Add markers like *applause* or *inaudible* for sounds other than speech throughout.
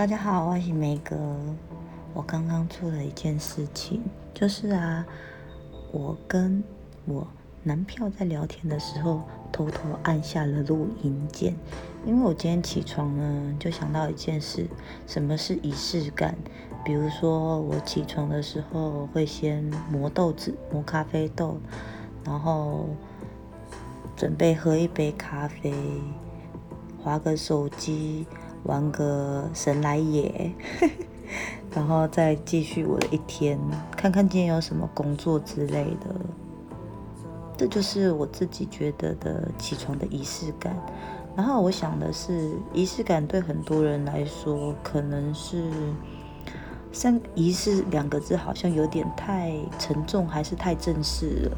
大家好，我是梅格。我剛剛做了一件事情，就是啊，我跟我男票在聊天的時候，偷偷按下了錄音鍵。因為我今天起床呢，就想到一件事：什麼是儀式感？比如說，我起床的時候會先磨豆子，磨咖啡豆，然後準備喝一杯咖啡，滑個手機。玩個神來也，呵呵，然後再繼續我的一天，看看今天有什麼工作之類的。這就是我自己覺得的起床的儀式感。然後我想的是，儀式感對很多人來說可能是“三儀式”兩個字好像有點太沉重，還是太正式了。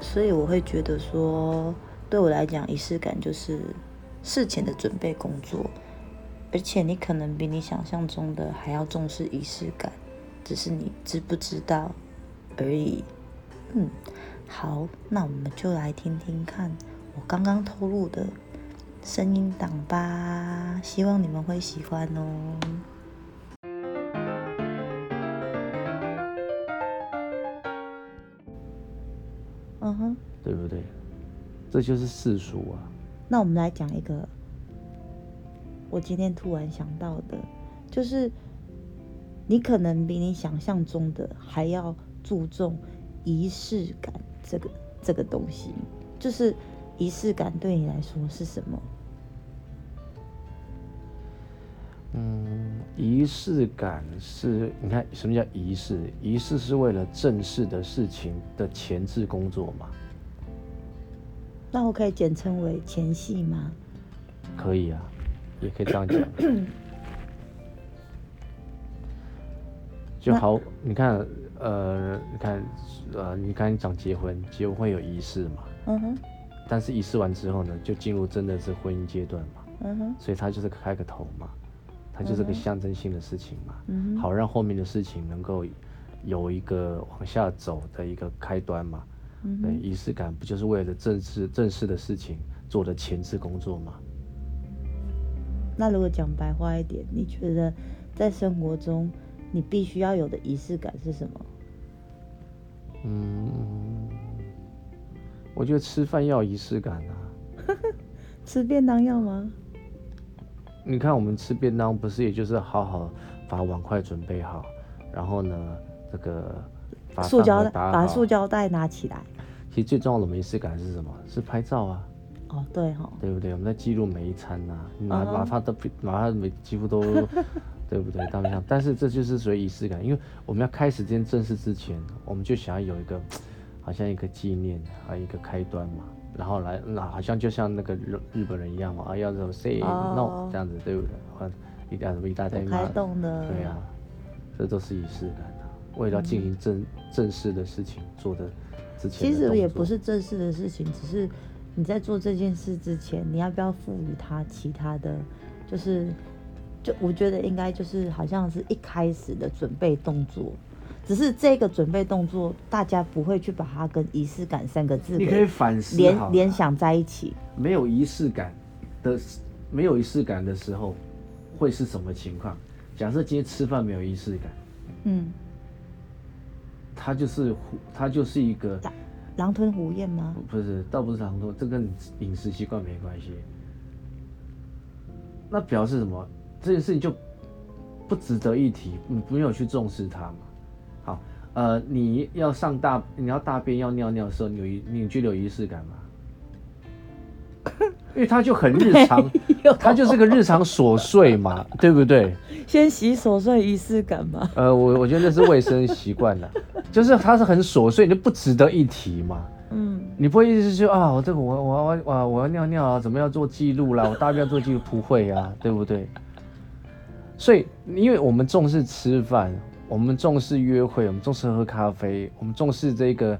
所以我會覺得說，對我來講，儀式感就是事前的準備工作。而且你可能比你想象中的還要重視儀式感，只是你知不知道而已。嗯，好，那我們就來聽聽看我剛剛透露的聲音檔吧，希望你們會喜歡哦。嗯哼，對不對？這就是世俗啊。那我們來講一個。我今天突然想到的，就是，你可能比你想象中的還要注重儀式感這個這個東西。就是儀式感對你來說是什麼？嗯，儀式感是，你看，什麼叫儀式？儀式是為了正式的事情的前置工作嘛。那我可以簡稱為前戲嗎？可以啊。也可以這樣講， *coughs* 就好。你看，呃，你看，呃，你剛剛講結婚，結婚會有儀式嘛？Uh huh. 但是儀式完之後呢，就進入真的是婚姻階段嘛？Uh huh. 所以它就是開個頭嘛，它就是個象徵性的事情嘛。Uh huh. 好讓後面的事情能夠有一個往下走的一個開端嘛。Uh huh. 儀式感不就是為了正式正式的事情做的前置工作嘛？那如果講白話一點，你覺得在生活中你必須要有的儀式感是什麼？嗯，我覺得吃飯要儀式感啊。 *laughs* 吃便當要嗎？你看我們吃便當，不是也就是好好把碗筷準備好，然後呢，這個塑膠袋，把塑膠袋拿起來。其實最重要的儀式感是什麼？是拍照啊。Oh, 哦，對吼，對不對？我們在記錄每一餐吶、啊，哪哪怕都，哪怕每幾乎都， *laughs* 對不對？但像，但是這就是屬於儀式感，因為我們要開始這件正式之前，我們就想要有一個，好像一個紀念，還、啊、有一個開端嘛。然後來，那、嗯啊、好像就像那個日日本人一樣嘛，啊，要什麼 say、oh, no 這樣子，對不對？要大大啊，一點什麼一大堆開動的，對啊，這都是儀式感、啊、為了進行正正式的事情、嗯、做的，之前其實也不是正式的事情，只是。你在做這件事之前，你要不要賦予它其他的就是，就我覺得應該就是好像是一開始的準備動作，只是這個準備動作大家不會去把它跟儀式感三個字你可以反思聯、啊、聯想在一起。沒有儀式感的，沒有儀式感的時候會是什麼情況？假設今天吃飯沒有儀式感，嗯，它就是它就是一個。狼吞虎嚥嗎？不是，倒不是狼吞，這跟飲食習慣沒關係。那表示什麼？這件事情就不值得一提，你不用去重視它嘛？好，呃，你要上大你要大便要尿尿的時候，你有你具有儀式感嗎？ *laughs* 因為它就很日常，有它就是個日常瑣碎嘛， *laughs* 對不對？先洗手算儀式感嗎？呃，我我覺得那是衛生習慣了。 *laughs* 就是他是很瑣碎，所以就不值得一提嘛。嗯，你不會一直說啊，我這個我我我我要尿尿啊，怎麼要做記錄啦？我大便要做記錄，不會啊，對不對？所以，因為我們重視吃飯，我們重視約會，我們重視喝咖啡，我們重視這個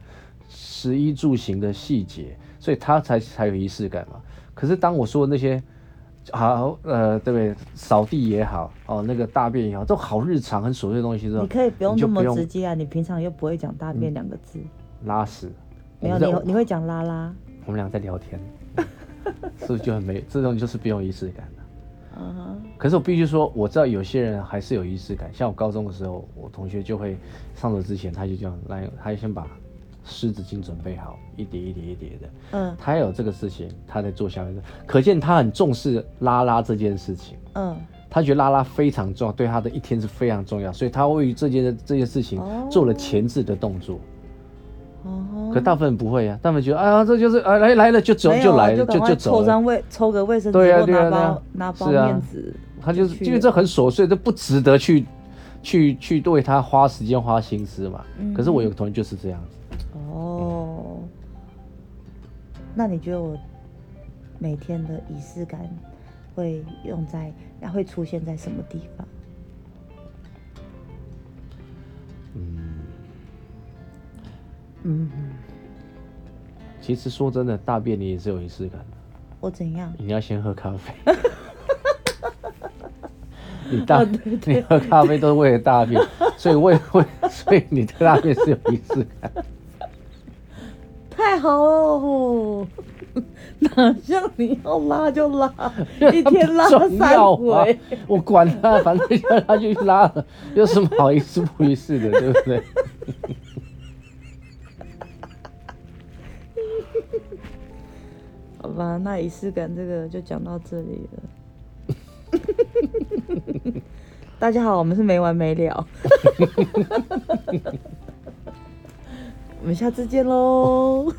食衣住行的細節，所以他才才有儀式感嘛。可是當我說的那些。好，呃，對不對？掃地也好，哦，那個大便也好，都好日常、很瑣碎的東西。這你可以不用這麼直接啊！你平常又不會講“大便”兩個字。嗯、拉屎。沒有你，你會講啦啦“拉拉”。我們倆在聊天， *laughs* 是不是就很沒？這種就是不用儀式感的。嗯哼。可是我必須說，我知道有些人還是有儀式感。像我高中的時候，我同學就會上樓之前，他就這樣來，他就先把。濕紙巾準備好，一疊一疊一疊的。嗯，他還有這個事情，他在做下面的。可見他很重視拉拉這件事情。嗯，他覺得拉拉非常重要，對他的一天是非常重要，所以他為這件這件事情做了前置的動作。哦，可大部分不會啊，大部分覺得啊，這就是啊，來來了就走了就來了就趕就，就走，了。抽張衛，抽個衛生紙、啊，對呀、啊、對呀、啊，對啊、拿包拿包面紙、啊，他就是因為這很瑣碎，這不值得去去去為他花時間花心思嘛。嗯、可是我有個同學就是這樣子。哦，那你覺得我每天的儀式感會用在，會出現在什麼地方？嗯嗯，嗯其實說真的，大便你也是有儀式感的。我怎樣？你要先喝咖啡。 *laughs* *laughs* 你大，啊、對對，你喝咖啡都是為了大便， *laughs* 所以為 *laughs* 所以你的大便是有儀式感。好、哦，哪像你要拉就拉，啊、一天拉三回、啊，我管他，反正要他就去拉就拉， *laughs* 有什麼好意思不儀式的，對不對？ *laughs* 好吧，那儀式感這個就講到這裡了。 *laughs* 大家好，我們是沒完沒了。 *laughs* *laughs* *laughs* 我們下次見嘍！